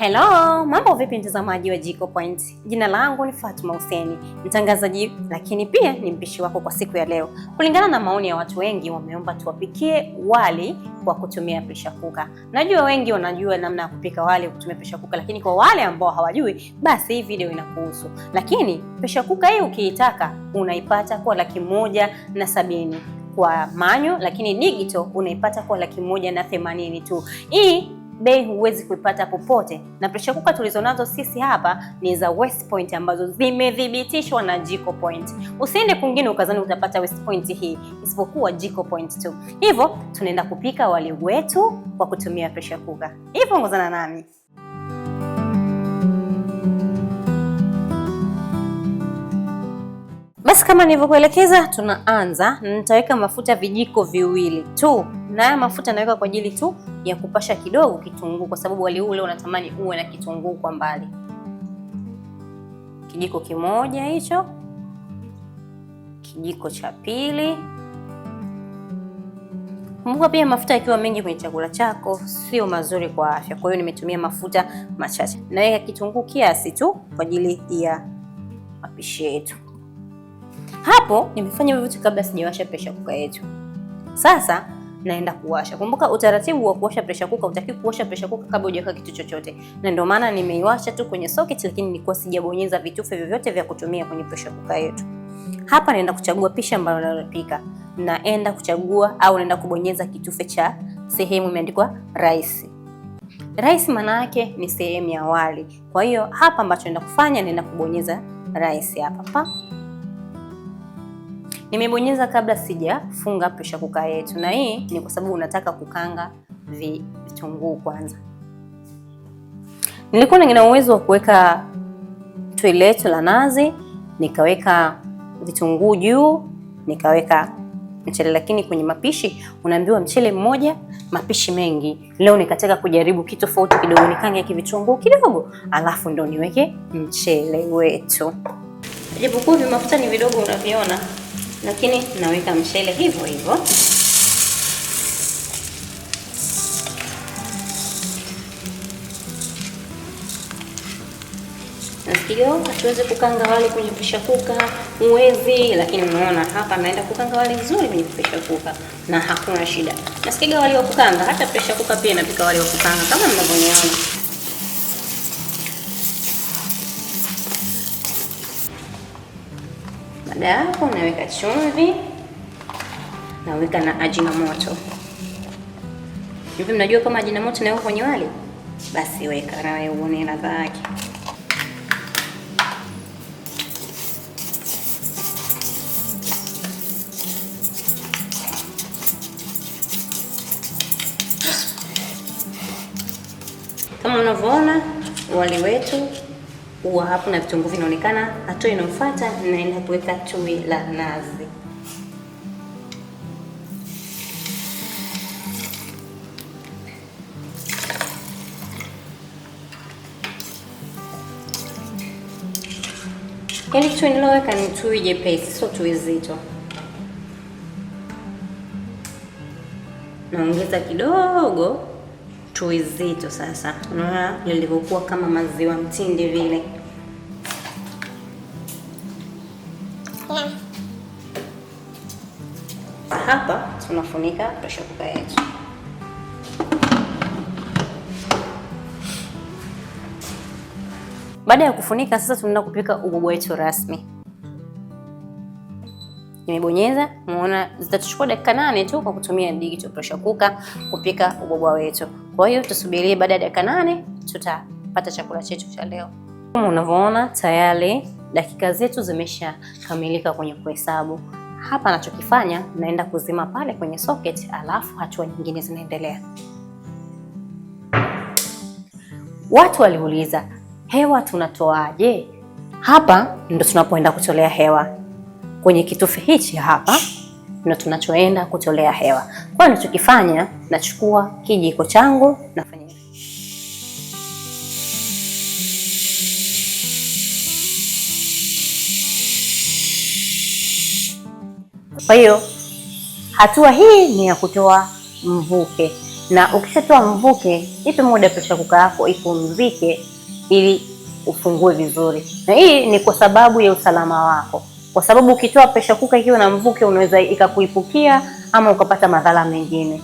Hello, mambo vipi mtazamaji wa Jiko Point? Jina langu ni Fatuma Huseni, mtangazaji lakini pia ni mpishi wako kwa siku ya leo. Kulingana na maoni ya watu wengi, wameomba tuwapikie wali kwa kutumia pressure cooker. Najua wengi wanajua namna ya kupika wali kwa kutumia pressure cooker, lakini kwa wale ambao hawajui, basi hii video inakuhusu. Lakini pressure cooker hii ukiitaka unaipata kwa laki moja na sabini kwa manyo, lakini digital unaipata kwa laki moja na themanini tu. Hii bei huwezi kuipata popote, na pressure cooker tulizonazo sisi hapa ni za West Point ambazo zimethibitishwa na Jiko Point. Usiende kwingine ukazani utapata West Point hii isipokuwa Jiko Point tu. Hivyo tunaenda kupika wali wetu kwa kutumia pressure cooker. Hivyo ongozana nami. Basi kama nilivyokuelekeza, tunaanza. Nitaweka mafuta vijiko viwili tu, na haya mafuta naweka kwa ajili tu ya kupasha kidogo kitunguu, kwa sababu wali ule unatamani uwe na kitunguu kwa mbali. Kijiko kimoja hicho, kijiko cha pili. Kumbuka pia mafuta yakiwa mengi kwenye chakula chako sio mazuri kwa afya. Kwa hiyo nimetumia mafuta machache. Naweka kitunguu kiasi tu kwa ajili ya mapishi yetu. Hapo nimefanya hivyo kabla sijawasha pressure cooker yetu. Sasa naenda kuwasha. Kumbuka utaratibu wa kuwasha pressure cooker, utaki kuwasha pressure cooker kabla hujaweka kitu chochote, na ndio maana nimeiwasha tu kwenye socket, lakini nilikuwa sijabonyeza vitufe vyovyote vya kutumia kwenye pressure cooker yetu. Hapa naenda kuchagua pishi ambalo nalipika, naenda kuchagua au naenda kubonyeza kitufe cha sehemu imeandikwa rice. Rice maana yake ni sehemu ya wali, kwa hiyo hapa ambacho naenda kufanya naenda kubonyeza rice hapa pa Nimebonyeza kabla sijafunga presha kuka yetu, na hii ni kwa sababu unataka kukanga vitunguu kwanza. Nilikuwa nina uwezo wa kuweka tui letu la nazi, nikaweka vitunguu juu, nikaweka mchele, lakini kwenye mapishi unaambiwa mchele mmoja mapishi mengi. Leo nikataka kujaribu kitu tofauti kidogo, nikange kivitunguu kidogo, alafu ndo niweke mchele wetu. Japokuwa vya ni vidogo, unaviona lakini naweka mchele hivyo hivyo. Nasikilio hatuwezi kukanga wali kwenye pressure cooker, uwezi, lakini unaona hapa naenda kukanga wali vizuri kwenye pressure cooker na hakuna shida. Nasikiga wali wa kukanga, hata pressure cooker pia inapika wali wa kukanga kama mnavyoniona soda hapo, naweka chumvi, naweka na moto Hivi mnajua kama ajinamoto naweka kwenye wali? Basi weka na wewe uone ladha yake. Kama unavyoona wali wetu huwa hapo na vitunguu vinaonekana. Hatua inayofuata naenda kuweka tui la nazi. Yaani tui niloweka ni tui jepesi, sio tui zito. Naongeza kidogo zito sasa. Unaona lilivyokuwa kama maziwa mtindi vile. Hapa tunafunika pressure cooker yetu. Baada ya kufunika sasa, tunaenda kupika ububu wetu rasmi. Nimebonyeza, muona zitachukua dakika nane tu kwa kutumia digital pressure cooker kupika ubwabwa wetu. Kwa hiyo tusubirie baada ya dakika nane tutapata chakula chetu cha leo. Kama unavyoona tayari dakika zetu zimeshakamilika kwenye kuhesabu. Hapa anachokifanya naenda kuzima pale kwenye socket, alafu hatua nyingine zinaendelea. Watu waliuliza hewa tunatoaje? Hapa ndo tunapoenda kutolea hewa kwenye kitufe hichi hapa ndio tunachoenda kutolea hewa. Kwa hiyo nachokifanya, nachukua kijiko changu nafanya kwa hiyo hatua hii ni ya kutoa mvuke, na ukishatoa mvuke, ipe muda pesha kuka yako ipumzike, ili ufungue vizuri, na hii ni kwa sababu ya usalama wako kwa sababu ukitoa pressure cooker ikiwa na mvuke unaweza ikakuipukia ama ukapata madhara mengine.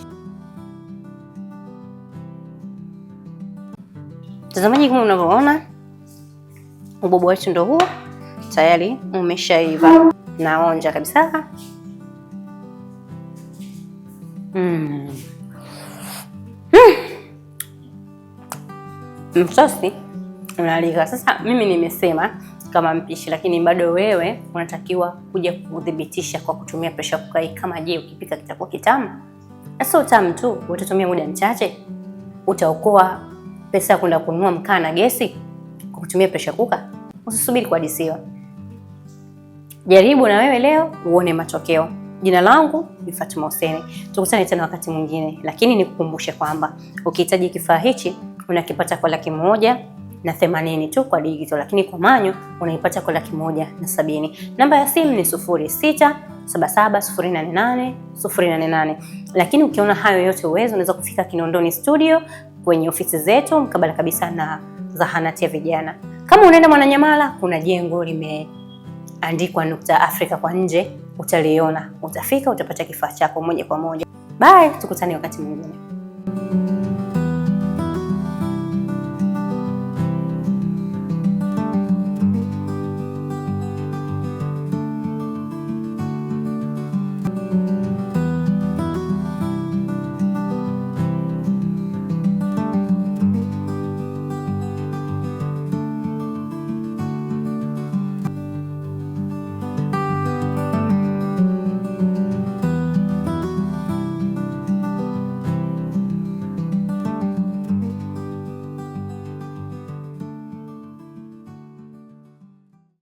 Mtazamaji, kama unavyoona ubobo wetu ndio huo tayari umeshaiva, naonja kabisa. Hmm. Mm. Mm. Msosi tunalika. Sasa mimi nimesema kama mpishi, lakini bado wewe unatakiwa kuja kudhibitisha kwa kutumia pressure cooker kama je, ukipika kitakuwa kitamu. Sio tamu tu, utatumia muda mchache, utaokoa pesa ya kwenda kununua mkaa na gesi kwa kutumia pressure cooker. Usisubiri kuhadisiwa, jaribu na wewe leo uone matokeo. Jina langu ni Fatuma Hussein, tukutane tena wakati mwingine, lakini nikukumbushe kwamba ukihitaji kifaa hichi unakipata kwa laki moja na themanini tu kwa digital, lakini kwa manyo unaipata kwa laki moja na sabini. Namba ya simu ni sufuri sita saba saba sufuri nane nane sufuri nane nane. Lakini ukiona hayo yote uwezo, unaweza kufika Kinondoni studio kwenye ofisi zetu mkabala kabisa na zahanati ya vijana. Kama unaenda Mwananyamala, kuna jengo limeandikwa Nukta Afrika kwa nje, utaliona, utafika, utapata kifaa chako moja kwa moja. Bye, tukutane wakati mwingine.